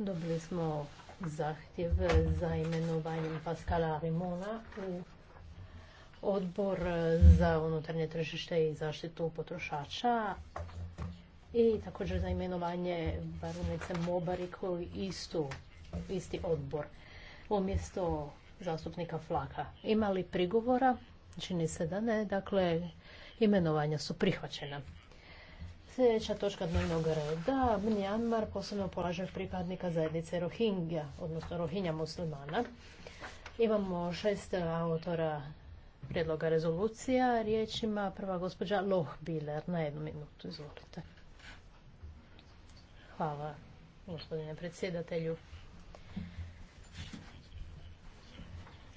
Dobili smo zahtjev za imenovanjem Paskala Arimona u odbor za unutarnje tržište i zaštitu potrošača i također za imenovanje baronice Mobari koji istu, isti odbor umjesto zastupnika Flaka. Ima li prigovora? Čini se da ne, dakle imenovanja su prihvaćena. Sljedeća točka dnevnog reda, Mnjanmar, posebno polažnih pripadnika zajednice Rohingja, odnosno Rohinja muslimana. Imamo šest autora prijedloga rezolucija. Riječ ima prva gospođa biler Na jednu minutu, izvolite. Hvala, gospodine predsjedatelju.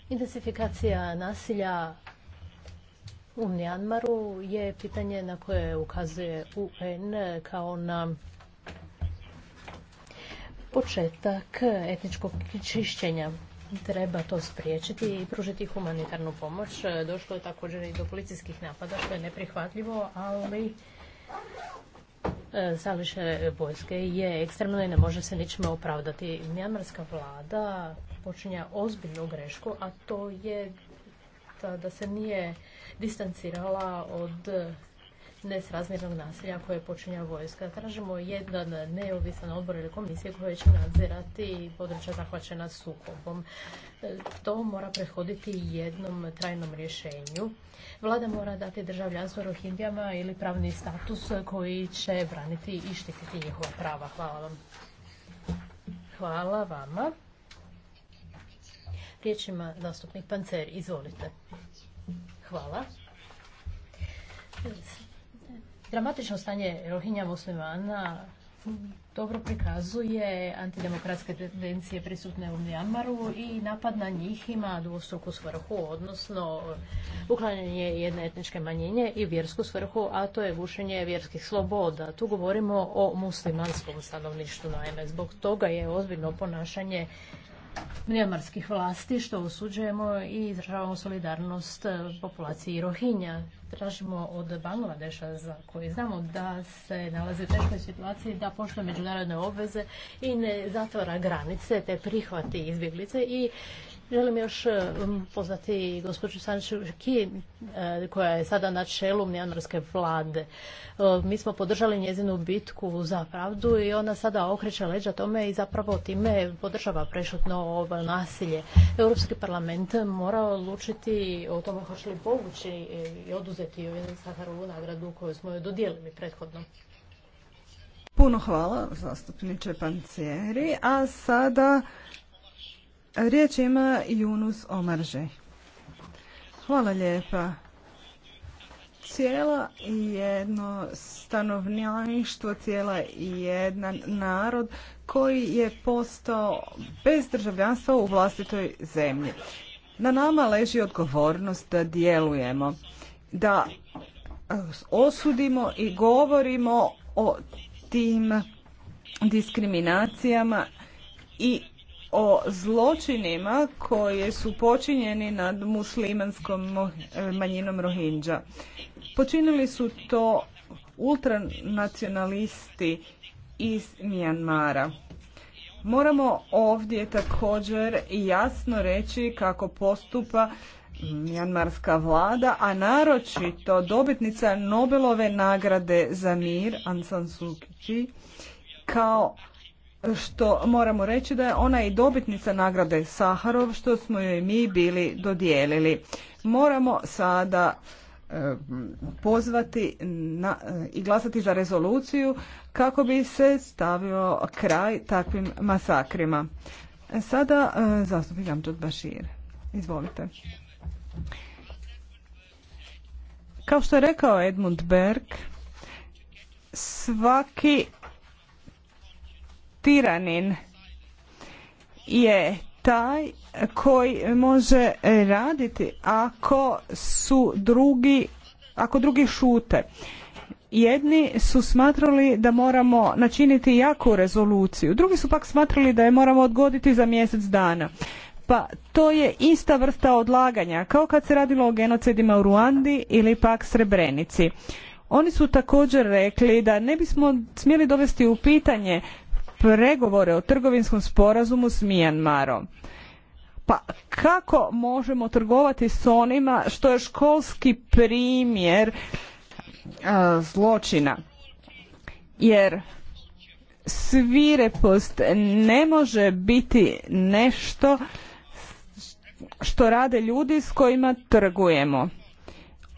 Intensifikacija nasilja u Mjanmaru je pitanje na koje ukazuje UN kao na početak etničkog čišćenja. Treba to spriječiti i pružiti humanitarnu pomoć. Došlo je također i do policijskih napada, što je neprihvatljivo, ali Sališe e, vojske je ekstremno i ne može se ničime opravdati. Mjanmarska vlada počinja ozbiljnu grešku, a to je da se nije distancirala od nesrazmjernog nasilja koje počinja vojska. Tražimo jedan neovisan odbor ili komisije koje će nadzirati područja zahvaćena sukobom. E, to mora prethoditi jednom trajnom rješenju. Vlada mora dati državljanstvo rohindijama ili pravni status koji će braniti i štititi njihova prava. Hvala vam. Hvala vama ima zastupnik Pancer, izvolite. Hvala. Dramatično stanje Rohinja muslimana dobro prikazuje antidemokratske tendencije prisutne u Myanmaru i napad na njih ima dvostruku svrhu, odnosno uklanjanje jedne etničke manjine i vjersku svrhu, a to je gušenje vjerskih sloboda. Tu govorimo o muslimanskom stanovništvu, naime. Zbog toga je ozbiljno ponašanje mljemarskih vlasti što osuđujemo i izražavamo solidarnost populaciji Rohinja. Tražimo od Bangladeša za koji znamo da se nalazi u teškoj situaciji da poštuje međunarodne obveze i ne zatvara granice te prihvati izbjeglice i Želim još um, pozvati gospođu Sanču Ki, uh, koja je sada na čelu mijanorske vlade. Uh, mi smo podržali njezinu bitku za pravdu i ona sada okreće leđa tome i zapravo time podržava prešutno nasilje. Europski parlament mora odlučiti o tome hoće li povući i oduzeti joj Saharovu nagradu koju smo joj dodijelili prethodno. Puno hvala zastupniče pancijeri. a sada Riječ ima Junus Omarže. Hvala lijepa. Cijela jedno stanovništvo, cijela jedan narod koji je postao bez državljanstva u vlastitoj zemlji. Na nama leži odgovornost da djelujemo, da e, osudimo i govorimo o tim diskriminacijama i o zločinima koje su počinjeni nad muslimanskom eh, manjinom Rohingya. Počinili su to ultranacionalisti iz Mijanmara. Moramo ovdje također jasno reći kako postupa Mjanmarska vlada, a naročito dobitnica Nobelove nagrade za mir Aung San Suu Kyi, kao što moramo reći da je ona i dobitnica nagrade Saharov što smo joj mi bili dodijelili. Moramo sada e, pozvati na, e, i glasati za rezoluciju kako bi se stavio kraj takvim masakrima. E, sada zastupnik Bašir. Izvolite. Kao što je rekao Edmund Berg, svaki tiranin je taj koji može raditi ako su drugi ako drugi šute jedni su smatrali da moramo načiniti jaku rezoluciju drugi su pak smatrali da je moramo odgoditi za mjesec dana pa to je ista vrsta odlaganja kao kad se radilo o genocidima u Ruandi ili pak Srebrenici oni su također rekli da ne bismo smjeli dovesti u pitanje pregovore o trgovinskom sporazumu s Mijanmarom. Pa kako možemo trgovati s onima što je školski primjer zločina? Jer svirepost ne može biti nešto što rade ljudi s kojima trgujemo.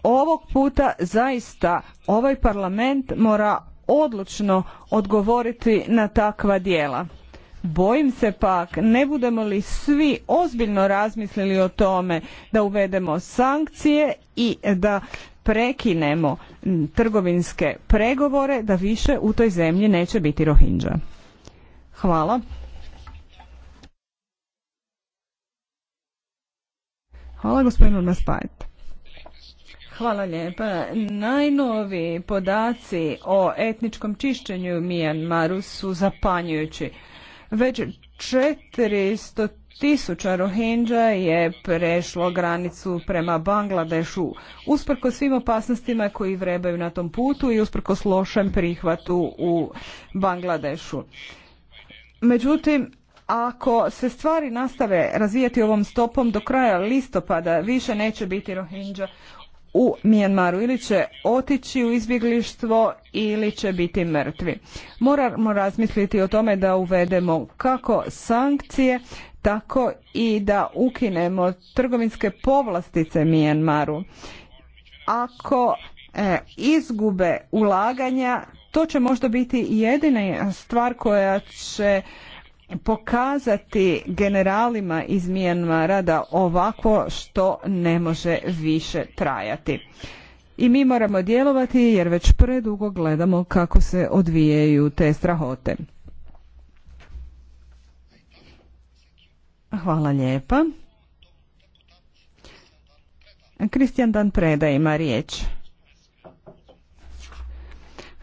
Ovog puta zaista ovaj parlament mora odlučno odgovoriti na takva djela. Bojim se pak, ne budemo li svi ozbiljno razmislili o tome da uvedemo sankcije i da prekinemo trgovinske pregovore, da više u toj zemlji neće biti rohinđa. Hvala. Hvala gospodinu Hvala lijepa. Najnoviji podaci o etničkom čišćenju u Mijanmaru su zapanjujući. Već 400 tisuća Rohingya je prešlo granicu prema Bangladešu usprko svim opasnostima koji vrebaju na tom putu i usprko lošem prihvatu u Bangladešu. Međutim, ako se stvari nastave razvijati ovom stopom do kraja listopada više neće biti Rohingya u Mijanmaru ili će otići u izbjeglištvo ili će biti mrtvi. Moramo razmisliti o tome da uvedemo kako sankcije, tako i da ukinemo trgovinske povlastice Mijanmaru. Ako e, izgube ulaganja, to će možda biti jedina stvar koja će pokazati generalima iz Mijanmara da ovako što ne može više trajati. I mi moramo djelovati jer već predugo gledamo kako se odvijaju te strahote. Hvala lijepa. Kristijan Dan Preda ima riječ.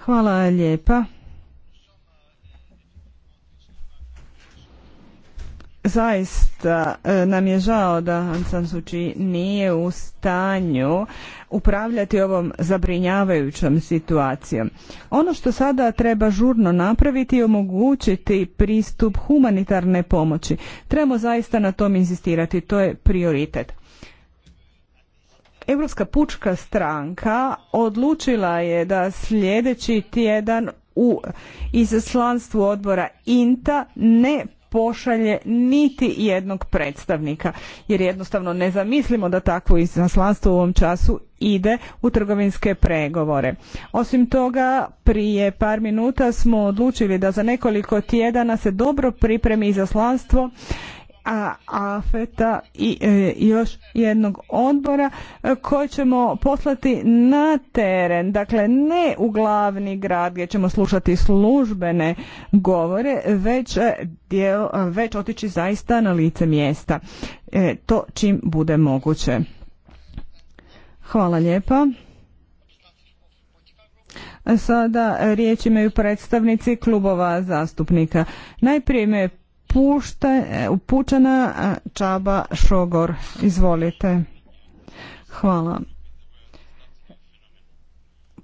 Hvala lijepa. zaista e, nam je žao da Aung San nije u stanju upravljati ovom zabrinjavajućom situacijom. Ono što sada treba žurno napraviti je omogućiti pristup humanitarne pomoći. Trebamo zaista na tom inzistirati, to je prioritet. Europska pučka stranka odlučila je da sljedeći tjedan u izaslanstvu odbora INTA ne pošalje niti jednog predstavnika jer jednostavno ne zamislimo da takvo izaslanstvo u ovom času ide u trgovinske pregovore. Osim toga, prije par minuta smo odlučili da za nekoliko tjedana se dobro pripremi izaslanstvo a AFETA i e, još jednog odbora e, koji ćemo poslati na teren, dakle ne u glavni grad gdje ćemo slušati službene govore, već, e, već otići zaista na lice mjesta. to čim bude moguće. Hvala lijepa. Sada riječ imaju predstavnici klubova zastupnika. Najprije me E, upućena e, Čaba Šogor. Izvolite. Hvala.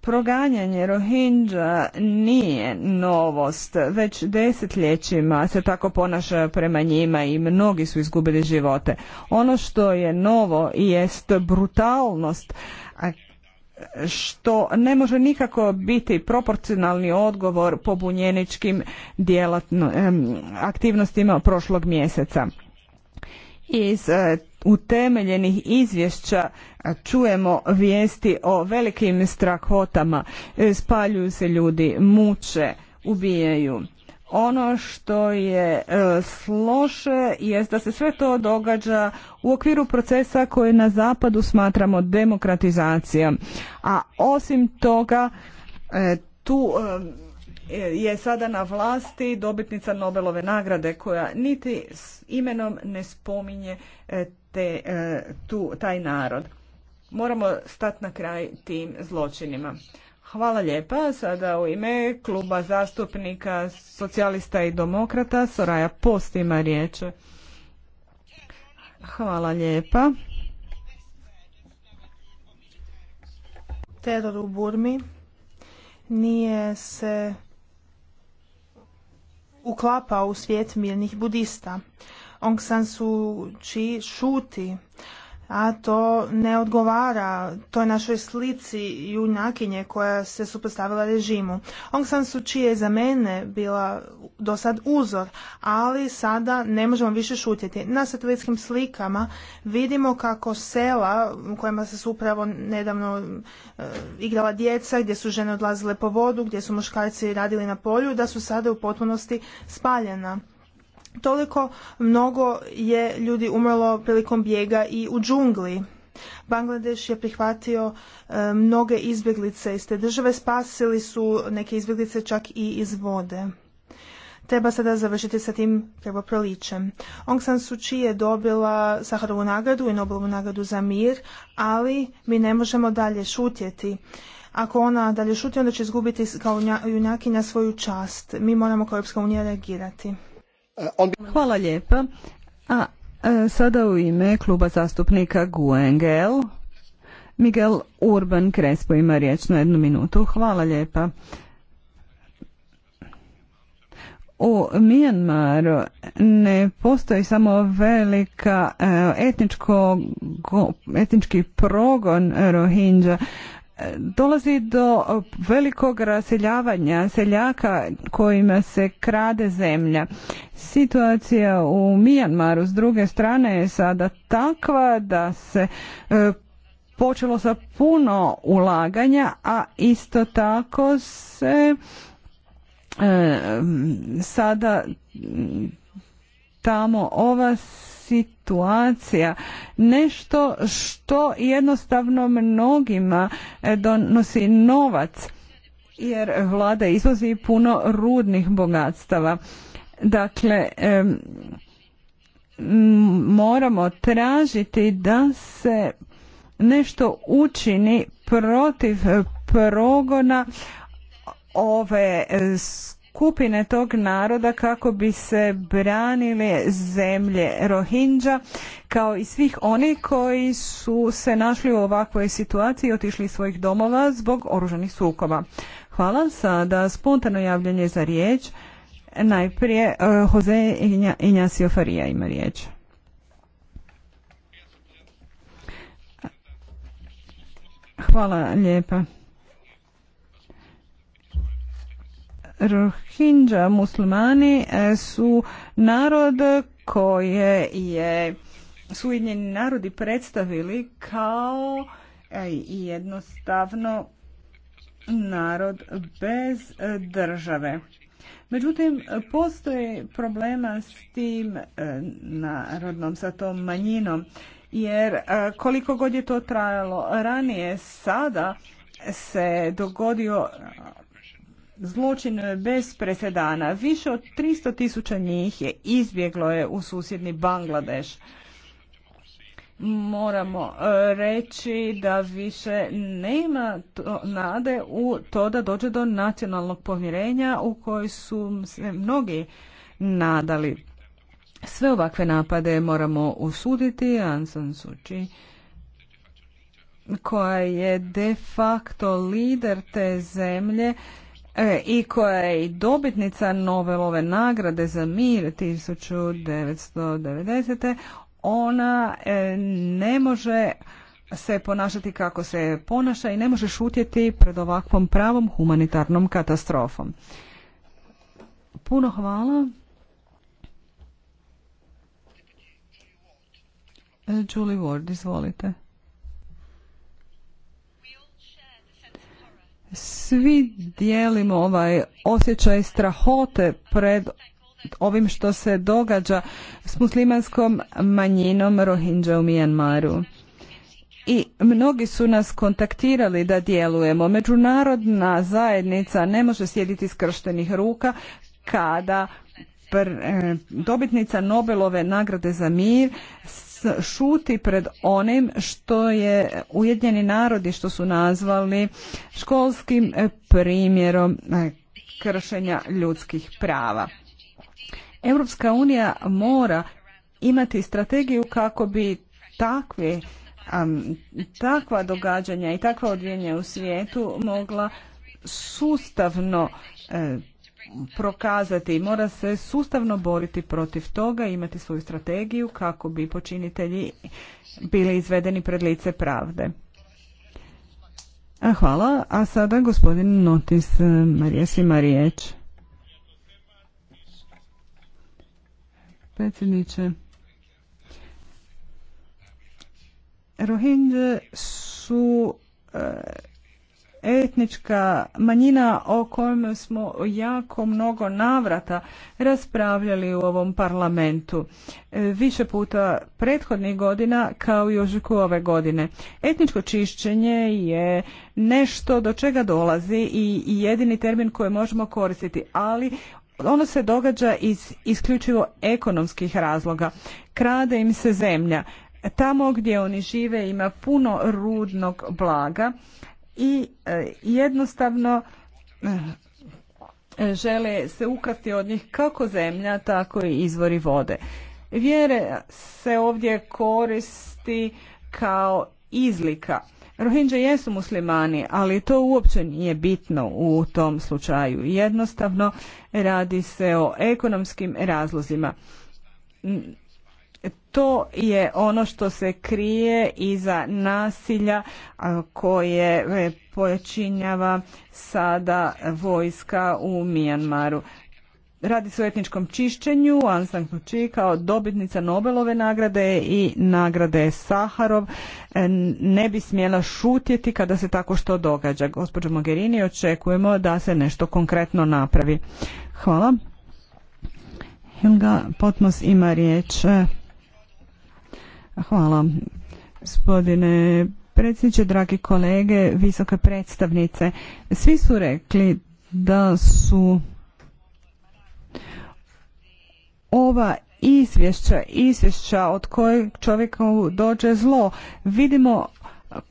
Proganjanje rohinđa nije novost, već desetljećima se tako ponaša prema njima i mnogi su izgubili živote. Ono što je novo jest brutalnost što ne može nikako biti proporcionalni odgovor pobunjeničkim aktivnostima prošlog mjeseca. Iz e, utemeljenih izvješća e, čujemo vijesti o velikim strahotama, e, spaljuju se ljudi, muče, ubijaju. Ono što je sloše e, je da se sve to događa u okviru procesa koje na zapadu smatramo demokratizacijom. A osim toga e, tu e, je sada na vlasti dobitnica Nobelove nagrade koja niti s imenom ne spominje te, tu, taj narod. Moramo stati na kraj tim zločinima. Hvala lijepa. Sada u ime kluba zastupnika socijalista i demokrata Soraja Post ima riječ. Hvala lijepa. Teror u Burmi nije se uklapao u svijet mirnih budista. Ong San Suu Kyi šuti, a to ne odgovara toj našoj slici junakinje koja se suprotstavila režimu. Aung San Suu Kyi je za mene bila do sad uzor, ali sada ne možemo više šutjeti. Na satelitskim slikama vidimo kako sela u kojima se su upravo nedavno e, igrala djeca, gdje su žene odlazile po vodu, gdje su muškarci radili na polju, da su sada u potpunosti spaljena. Toliko mnogo je ljudi umrlo prilikom bijega i u džungli. Bangladeš je prihvatio e, mnoge izbjeglice iz te države, spasili su neke izbjeglice čak i iz vode. Treba sada završiti sa tim krvoprolićem. Aung San Suu Kyi je dobila Saharovu nagradu i Nobelovu nagradu za mir, ali mi ne možemo dalje šutjeti. Ako ona dalje šuti, onda će izgubiti kao na svoju čast. Mi moramo kao Europska unija reagirati. Uh, Hvala lijepa. A e, sada u ime kluba zastupnika Guengel, Miguel Urban Crespo ima riječ na jednu minutu. Hvala lijepa. U Mijanmaru ne postoji samo velika e, etničko, etnički progon rohinja, dolazi do velikog raseljavanja seljaka kojima se krade zemlja. Situacija u Mijanmaru s druge strane je sada takva da se e, počelo sa puno ulaganja, a isto tako se e, sada tamo ova situacija, nešto što jednostavno mnogima e, donosi novac jer vlada izvozi puno rudnih bogatstava. Dakle, moramo tražiti da se nešto učini protiv progona ove skupine tog naroda kako bi se branile zemlje rohinđa, kao i svih oni koji su se našli u ovakvoj situaciji i otišli iz svojih domova zbog oružanih sukoba. Hvala sada spontano javljanje za riječ. Najprije eh, Jose Injasio Farija ima riječ. Hvala lijepa. Rohingya muslimani e, su narod koje je Sujedinjeni narodi predstavili kao e, jednostavno narod bez države. Međutim, postoji problema s tim e, narodnom, sa tom manjinom, jer koliko god je to trajalo ranije, sada se dogodio zločin bez presedana. Više od 300 tisuća njih je izbjeglo je u susjedni Bangladeš. Moramo e, reći da više nema nade u to da dođe do nacionalnog pomirenja u koji su se mnogi nadali. Sve ovakve napade moramo usuditi, Ansan Suči koja je de facto lider te zemlje E, i koja je i dobitnica Nobelove nagrade za mir 1990. Ona e, ne može se ponašati kako se ponaša i ne može šutjeti pred ovakvom pravom humanitarnom katastrofom. Puno hvala. Julie Ward, izvolite. svi dijelimo ovaj osjećaj strahote pred ovim što se događa s muslimanskom manjinom Rohingya u Mijanmaru. I mnogi su nas kontaktirali da djelujemo. Međunarodna zajednica ne može sjediti skrštenih ruka kada e, dobitnica Nobelove nagrade za mir šuti pred onim što je Ujedinjeni narodi što su nazvali školskim primjerom kršenja ljudskih prava. Europska unija mora imati strategiju kako bi takve takva događanja i takva odvijenja u svijetu mogla sustavno e, prokazati. Mora se sustavno boriti protiv toga, imati svoju strategiju kako bi počinitelji bili izvedeni pred lice pravde. Hvala. A sada gospodin Notis eh, Marijas ima riječ. Predsjedniče. Rohingje su eh, etnička manjina o kojem smo jako mnogo navrata raspravljali u ovom parlamentu. E, više puta prethodnih godina kao i ožiku ove godine. Etničko čišćenje je nešto do čega dolazi i jedini termin koji možemo koristiti, ali ono se događa iz isključivo ekonomskih razloga. Krade im se zemlja. Tamo gdje oni žive ima puno rudnog blaga i e, jednostavno e, žele se ukrati od njih kako zemlja, tako i izvori vode. Vjere se ovdje koristi kao izlika. Rohinđe jesu muslimani, ali to uopće nije bitno u tom slučaju. Jednostavno radi se o ekonomskim razlozima to je ono što se krije iza nasilja koje e, počinjava sada vojska u Mijanmaru. Radi se o etničkom čišćenju, Aung San Suu Kyi kao dobitnica Nobelove nagrade i nagrade Saharov e, ne bi smjela šutjeti kada se tako što događa. Gospođo Mogherini, očekujemo da se nešto konkretno napravi. Hvala. Hilga Potmos ima riječ. Hvala. Gospodine predsjedniče, dragi kolege, visoke predstavnice, svi su rekli da su ova izvješća, izvješća od kojeg čovjeku dođe zlo, vidimo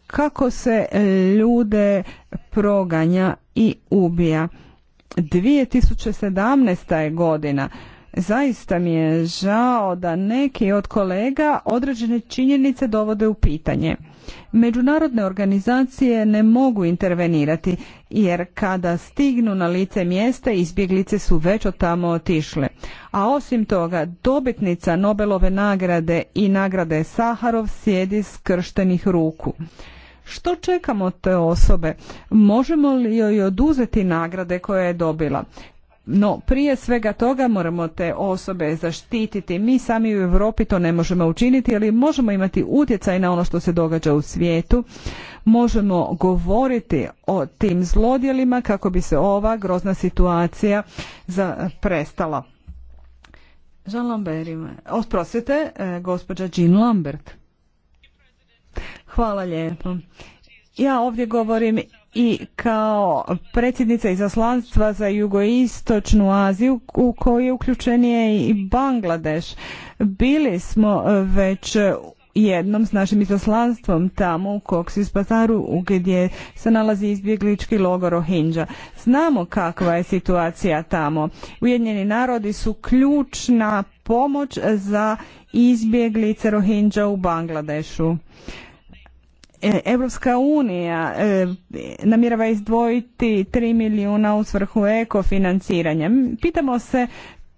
kako se ljude proganja i ubija. 2017. je godina Zaista mi je žao da neki od kolega određene činjenice dovode u pitanje. Međunarodne organizacije ne mogu intervenirati jer kada stignu na lice mjesta izbjeglice su već od tamo otišle. A osim toga dobitnica Nobelove nagrade i nagrade Saharov sjedi skrštenih ruku. Što čekamo te osobe? Možemo li joj oduzeti nagrade koje je dobila? No, prije svega toga moramo te osobe zaštititi. Mi sami u Europi to ne možemo učiniti, ali možemo imati utjecaj na ono što se događa u svijetu. Možemo govoriti o tim zlodjelima kako bi se ova grozna situacija prestala. Jean Lambert ima. E, gospođa Jean Lambert. Hvala lijepo. Ja ovdje govorim i kao predsjednica izaslanstva za jugoistočnu Aziju u koju je uključen i Bangladeš. Bili smo e, već jednom s našim izaslanstvom tamo u Koksis Pazaru gdje se nalazi izbjeglički logo Rohingya. Znamo kakva je situacija tamo. Ujedinjeni narodi su ključna pomoć za izbjeglice Rohingya u Bangladešu. E, Evropska unija e, namjerava izdvojiti 3 milijuna u svrhu ekofinanciranja. Pitamo se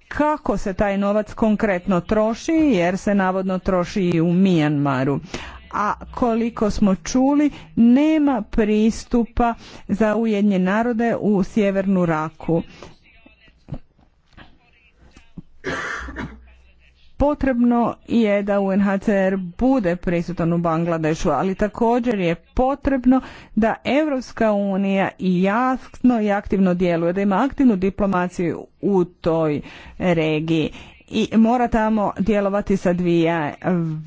kako se taj novac konkretno troši jer se navodno troši i u Mijanmaru. A koliko smo čuli, nema pristupa za ujednje narode u sjevernu Raku. Potrebno je da UNHCR bude prisutan u Bangladešu, ali također je potrebno da Europska unija i jasno i aktivno djeluje, da ima aktivnu diplomaciju u toj regiji i mora tamo djelovati sa dvije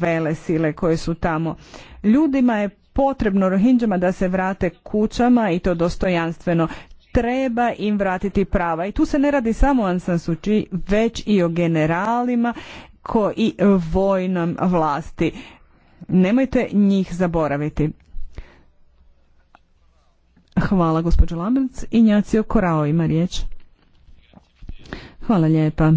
vele sile koje su tamo. Ljudima je potrebno Rohinđama da se vrate kućama i to dostojanstveno. Treba im vratiti prava i tu se ne radi samo o Ansan već i o generalima ko i vojnom vlasti. Nemojte njih zaboraviti. Hvala gospođo Lambec. Injacio Korao ima riječ. Hvala lijepa.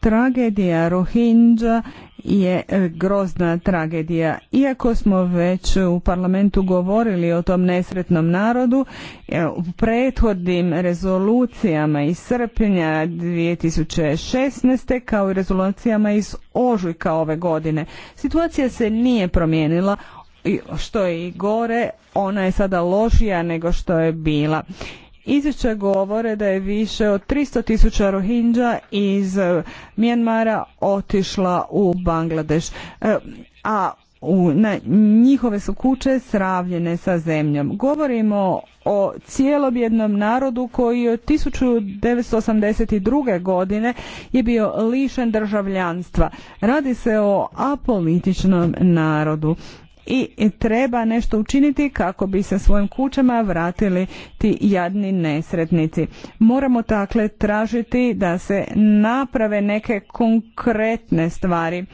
Tragedija Rohingya je e, grozna tragedija. Iako smo već u parlamentu govorili o tom nesretnom narodu, e, u prethodnim rezolucijama iz srpnja 2016. kao i rezolucijama iz ožujka ove godine. Situacija se nije promijenila, što je i gore, ona je sada lošija nego što je bila. Izvješća govore da je više od 300 tisuća rohinđa iz eh, Mjanmara otišla u Bangladeš, eh, a u, njihove su kuće sravljene sa zemljom. Govorimo o cijelobjednom narodu koji je od 1982. godine je bio lišen državljanstva. Radi se o apolitičnom narodu i treba nešto učiniti kako bi se svojim kućama vratili ti jadni nesretnici. Moramo dakle tražiti da se naprave neke konkretne stvari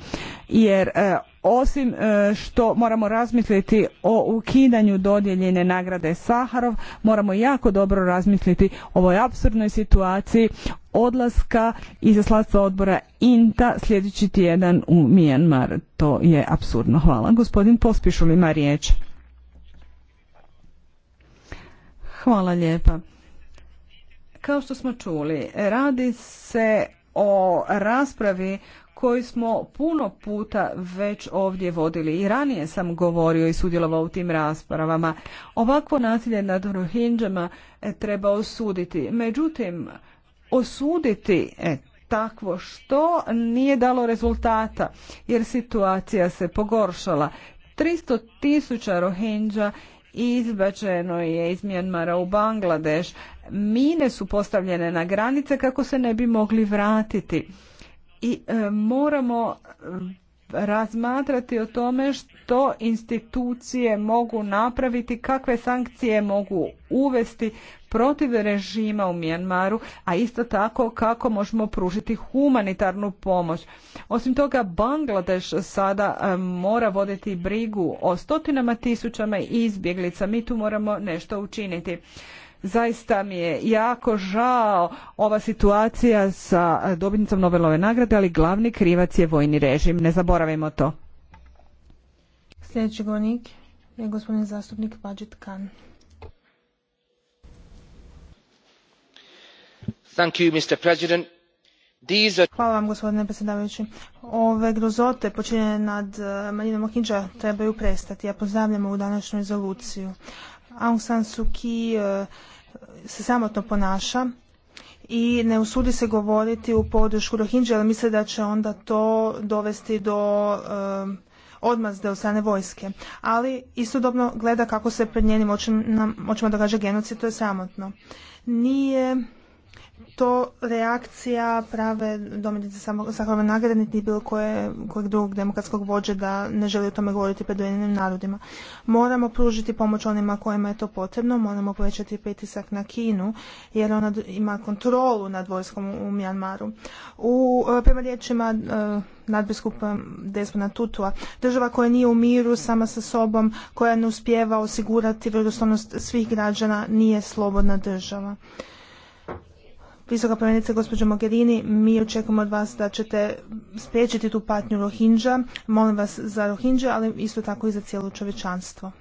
jer e, osim e, što moramo razmisliti o ukidanju dodijeljene nagrade Saharov, moramo jako dobro razmisliti o ovoj absurdnoj situaciji odlaska izaslanstva odbora INTA sljedeći tjedan u Mijanmar. To je apsurdno. Hvala. Gospodin Pospišul ima riječ. Hvala lijepa. Kao što smo čuli, radi se o raspravi koji smo puno puta već ovdje vodili i ranije sam govorio i sudjelovao u tim raspravama. Ovakvo nasilje nad Rohinđama e, treba osuditi. Međutim, osuditi e, takvo što nije dalo rezultata jer situacija se pogoršala. 300 tisuća Rohinđa izbačeno je iz Mjanmara u Bangladeš. Mine su postavljene na granice kako se ne bi mogli vratiti i e, moramo e, razmatrati o tome što institucije mogu napraviti, kakve sankcije mogu uvesti protiv režima u Mijanmaru, a isto tako kako možemo pružiti humanitarnu pomoć. Osim toga, Bangladeš sada e, mora voditi brigu o stotinama tisućama izbjeglica. Mi tu moramo nešto učiniti. Zaista mi je jako žao ova situacija sa dobitnicom Nobelove nagrade, ali glavni krivac je vojni režim. Ne zaboravimo to. Sljedeći govornik je gospodin zastupnik Pađit Kan. Thank you, Mr. President. Hvala vam gospodine predsjedavajući. Ove grozote počinjene nad eh, Marinom Okinđa trebaju prestati. Ja pozdravljam ovu današnju rezoluciju. Aung San Suu Kyi e, se samotno ponaša i ne usudi se govoriti u podršku Rohingya, ali misle da će onda to dovesti do e, odmazde od strane vojske. Ali istodobno gleda kako se pred njenim očima događa genocid, to je samotno. Nije to reakcija prave domenice Saharove nagrade niti bilo koje, kojeg drugog demokratskog vođe da ne želi o tome govoriti pred Ujedinim narodima. Moramo pružiti pomoć onima kojima je to potrebno, moramo povećati pritisak na Kinu jer ona ima kontrolu nad vojskom u Mjanmaru. U, e, prema riječima e, nadbiskupa Desmona Tutua, država koja nije u miru sama sa sobom, koja ne uspijeva osigurati vjerodostojnost svih građana, nije slobodna država. Visoka povjerenice gospođo Mogherini, mi očekujemo od vas da ćete spriječiti tu patnju Rohinđa. Molim vas za Rohingya, ali isto tako i za cijelo čovečanstvo.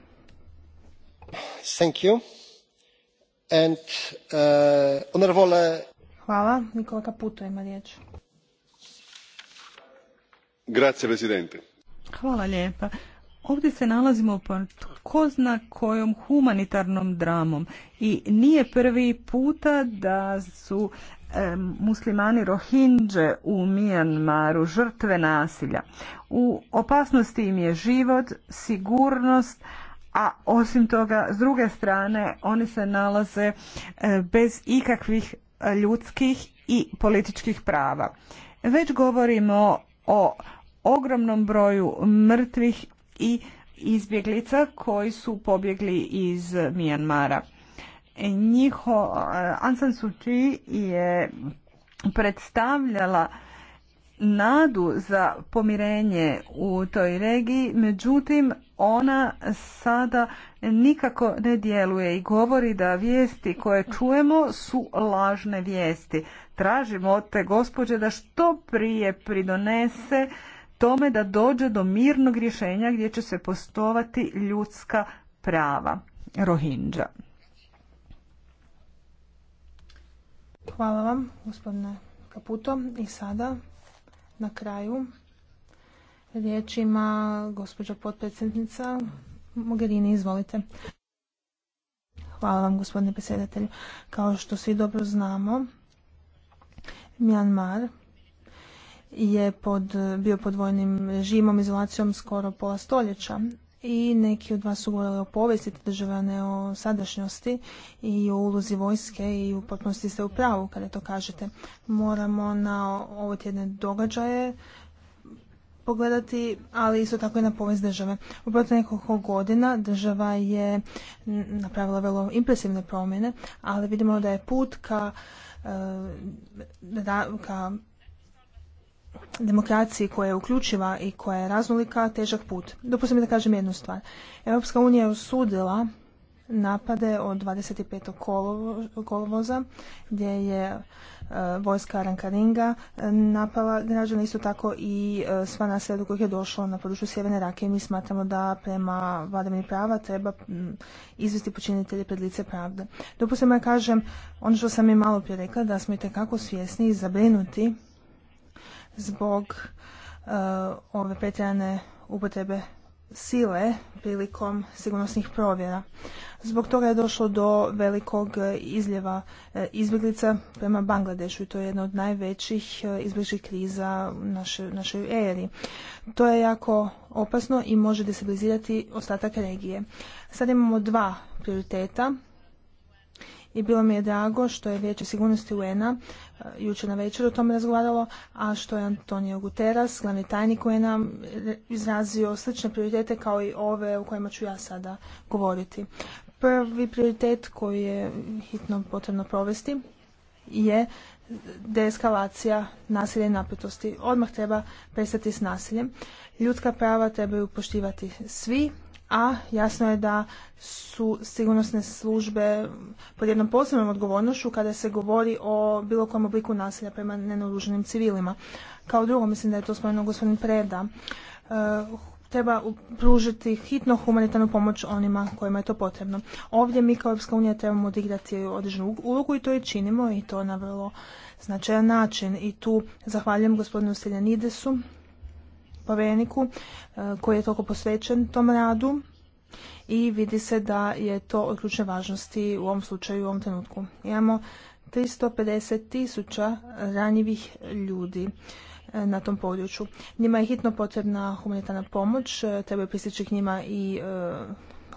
Thank you. And, uh, Hvala. Nikola Kaputo ima riječ. Grazie, Presidente. Hvala lijepa. Ovdje se nalazimo pod tko zna kojom humanitarnom dramom i nije prvi puta da su muslimani Rohinđe u Mijanmaru žrtve nasilja. U opasnosti im je život, sigurnost, a osim toga s druge strane oni se nalaze e, bez ikakvih e, ljudskih i političkih prava. Već govorimo o ogromnom broju mrtvih i izbjeglica koji su pobjegli iz Mijanmara. E, njiho, eh, Aung San Suu Kyi je predstavljala nadu za pomirenje u toj regiji, međutim ona sada nikako ne djeluje i govori da vijesti koje čujemo su lažne vijesti. Tražimo od te gospođe da što prije pridonese tome da dođe do mirnog rješenja gdje će se postovati ljudska prava rohinđa. Hvala vam, gospodine Kaputo. I sada, na kraju, riječ ima gospođa potpredsjednica Mogherini. Izvolite. Hvala vam, gospodine predsjedatelju. Kao što svi dobro znamo, Mjanmar je pod, bio pod vojnim režimom, izolacijom skoro pola stoljeća i neki od vas su govorili o povijesti te države, ne o sadašnjosti i o ulozi vojske i u potpunosti ste u pravu kada to kažete. Moramo na ovo tjedne događaje pogledati, ali isto tako i na povijest države. U protiv nekoliko godina država je napravila vrlo impresivne promjene, ali vidimo da je put ka, e, ka demokraciji koja je uključiva i koja je raznolika težak put. Dopustite mi da kažem jednu stvar. Europska unija je osudila napade od 25. Kolovo, kolovoza gdje je e, vojska Rankaringa e, napala građana isto tako i e, sva naselja do kojih je došlo na području Sjeverne Rake. Mi smatramo da prema vladavini prava treba izvesti počinitelje pred lice pravde. Dopustite da kažem ono što sam i malo prije rekla da smo i svjesni i zabrinuti zbog uh, ove pretjerane upotrebe sile prilikom sigurnosnih provjera. Zbog toga je došlo do velikog izljeva e, izbjeglica prema Bangladešu i to je jedna od najvećih e, izbjeglih kriza u našoj, eri. To je jako opasno i može destabilizirati ostatak regije. Sad imamo dva prioriteta i bilo mi je drago što je Vijeće sigurnosti UN-a e, jučer na večer o tome razgovaralo, a što je Antonio Guterres, glavni tajnik UN-a, izrazio slične prioritete kao i ove o kojima ću ja sada govoriti. Prvi prioritet koji je hitno potrebno provesti je deeskalacija nasilja i napetosti. Odmah treba prestati s nasiljem. Ljudska prava trebaju poštivati svi, a jasno je da su sigurnosne službe pod jednom posebnom odgovornošću kada se govori o bilo kojem obliku nasilja prema nenoruženim civilima. Kao drugo, mislim da je to spomenuo gospodin Preda, e, treba pružiti hitno humanitarnu pomoć onima kojima je to potrebno. Ovdje mi kao Europska unija trebamo odigrati određenu ulogu i to i činimo i to na vrlo značajan način. I tu zahvaljujem gospodinu Seljanidesu poveniku e, koji je toliko posvećen tom radu i vidi se da je to od ključne važnosti u ovom slučaju u ovom trenutku. Imamo 350 tisuća ranjivih ljudi e, na tom području. Njima je hitno potrebna humanitarna pomoć, e, trebaju pristići k njima i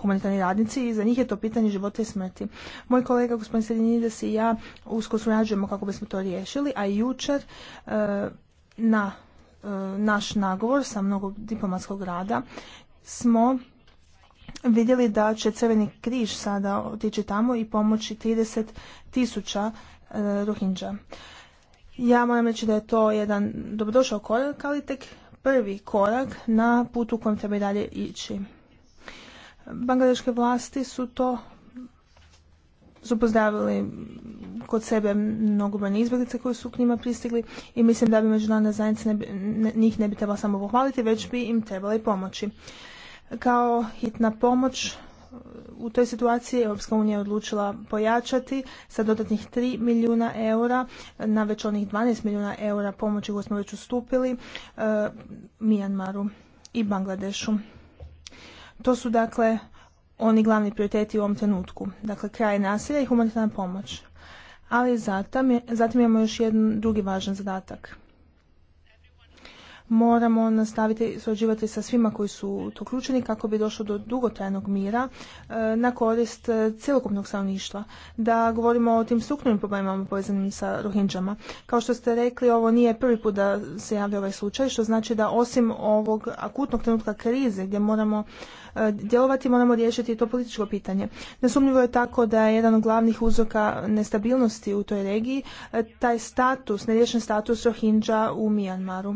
humanitarni radnici i za njih je to pitanje života i smrti. Moj kolega gospodin Sredinides i ja usko surađujemo kako bismo to riješili, a jučer na E, naš nagovor sa mnogog diplomatskog rada smo vidjeli da će Crveni križ sada otići tamo i pomoći 30 tisuća e, rohinđa. Ja moram reći da je to jedan dobrodošao korak, ali tek prvi korak na putu u kojem treba i dalje ići. Bangladeške vlasti su to su pozdravili kod sebe mnogobrojne izbjeglice koje su k njima pristigli i mislim da bi međunarodna zajednica ne, njih ne bi trebala samo pohvaliti, već bi im trebala i pomoći. Kao hitna pomoć uh, u toj situaciji Europska unija je odlučila pojačati sa dodatnih 3 milijuna eura na već onih 12 milijuna eura pomoći koju smo već ustupili uh, Mijanmaru i Bangladešu. To su dakle oni glavni prioriteti u ovom trenutku. Dakle, kraj nasilja i humanitarna pomoć. Ali zatim, zatim imamo još jedan drugi važan zadatak moramo nastaviti surađivati sa svima koji su tu uključeni kako bi došlo do dugotrajnog mira e, na korist e, cjelokupnog stanovništva. Da govorimo o tim strukturnim problemama povezanim sa Rohinđama. Kao što ste rekli, ovo nije prvi put da se javlja ovaj slučaj, što znači da osim ovog akutnog trenutka krize gdje moramo e, djelovati, moramo riješiti to političko pitanje. Nesumnjivo je tako da je jedan od glavnih uzroka nestabilnosti u toj regiji taj status, neriješen status rohinđa u Mijanmaru.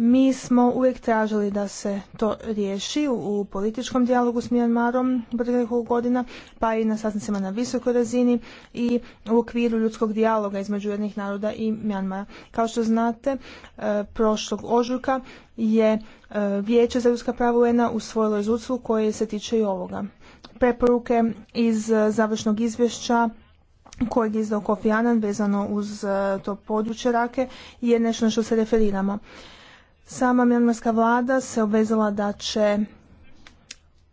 Mi smo uvijek tražili da se to riješi u političkom dijalogu s Mijanmarom proteklih godina, pa i na sastancima na visokoj razini i u okviru ljudskog dijaloga između jednih naroda i Mijanmara. Kao što znate, e, prošlog ožujka je e, Vijeće za ljudska prava un usvojilo rezoluciju koje se tiče i ovoga. Preporuke iz e, završnog izvješća kojeg je izdao Kofi Annan vezano uz to područje rake je nešto na što se referiramo. Sama mjanmarska vlada se obvezala da će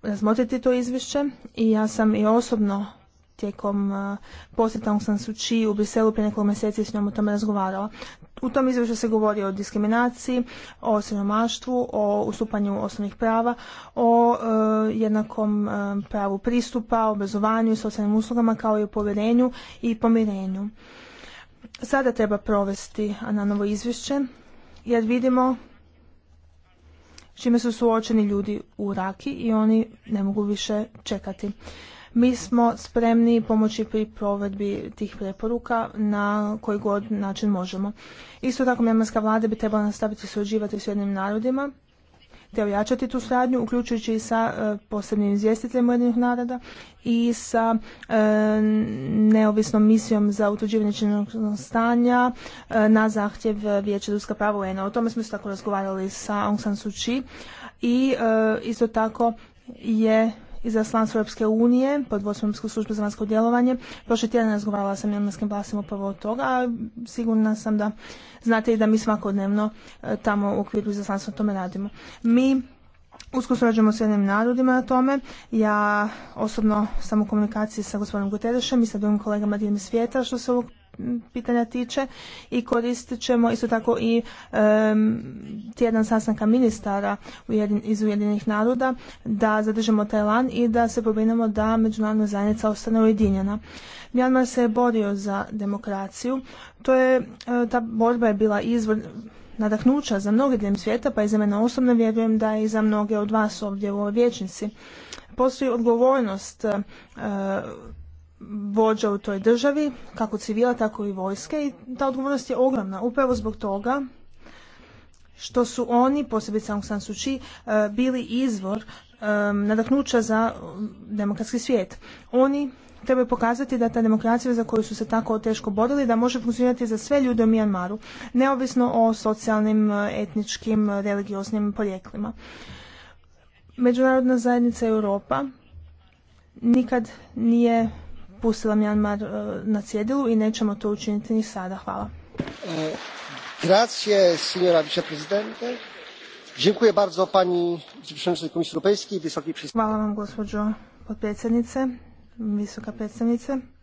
razmotriti to izvješće i ja sam i osobno tijekom e, posjeta u San u Briselu prije nekoliko mjeseci s njom o tome razgovarala. U tom izvješću se govori o diskriminaciji, o siromaštvu, o ustupanju osnovnih prava, o e, jednakom e, pravu pristupa, obrazovanju i socijalnim uslugama kao i o povjerenju i pomirenju. Sada treba provesti na novo izvješće jer vidimo čime su suočeni ljudi u Raki i oni ne mogu više čekati. Mi smo spremni pomoći pri provedbi tih preporuka na koji god način možemo. Isto tako, njemačka vlada bi trebala nastaviti surađivati s jednim narodima te ojačati tu suradnju, uključujući i sa e, posebnim izvjestiteljem Ujedinih naroda i sa e, neovisnom misijom za utvrđivanje činjenog stanja e, na zahtjev Vijeća ljudska prava un O tome smo se tako razgovarali sa Aung San Suu Kyi i isto tako je izaslanstvo Europske unije pod vodstvom Europske službe za vanjsko djelovanje. Prošli tjedan razgovarala sam njemačkim glasima upravo od toga, a sigurna sam da znate i da mi svakodnevno e, tamo u okviru izaslanstva tome radimo. Mi Usko surađujemo s jednim narodima na tome. Ja osobno sam u komunikaciji sa gospodinom Guterešem i sa drugim kolegama diljem svijeta što se ovog pitanja tiče i koristit ćemo isto tako i tjedan sastanka ministara iz Ujedinjenih naroda da zadržimo Tajlan i da se pobrinemo da međunarodna zajednica ostane ujedinjena. Mjanmar se je borio za demokraciju. To je, e, ta borba je bila izvor nadahnuća za mnoge diljem svijeta, pa i za mene osobno vjerujem da je i za mnoge od vas ovdje u ovoj vječnici. Postoji odgovornost e, vođa u toj državi, kako civila, tako i vojske i ta odgovornost je ogromna. Upravo zbog toga što su oni, posebice Aung e, bili izvor e, nadahnuća za e, demokratski svijet. Oni trebaju pokazati da ta demokracija za koju su se tako teško borili, da može funkcionirati za sve ljude u Mijanmaru, neovisno o socijalnim, etničkim, religioznim porijeklima. Međunarodna zajednica Europa nikad nije napustila Mjanmar e, na cjedilu i nećemo to učiniti ni sada. Hvala. Grazie, signora viceprezidente. Dziękuję bardzo pani przewodniczącej Komisji Europejskiej, wysokiej przedstawicieli. Hvala vam, gospođo potpredsjednice, visoka predstavnice.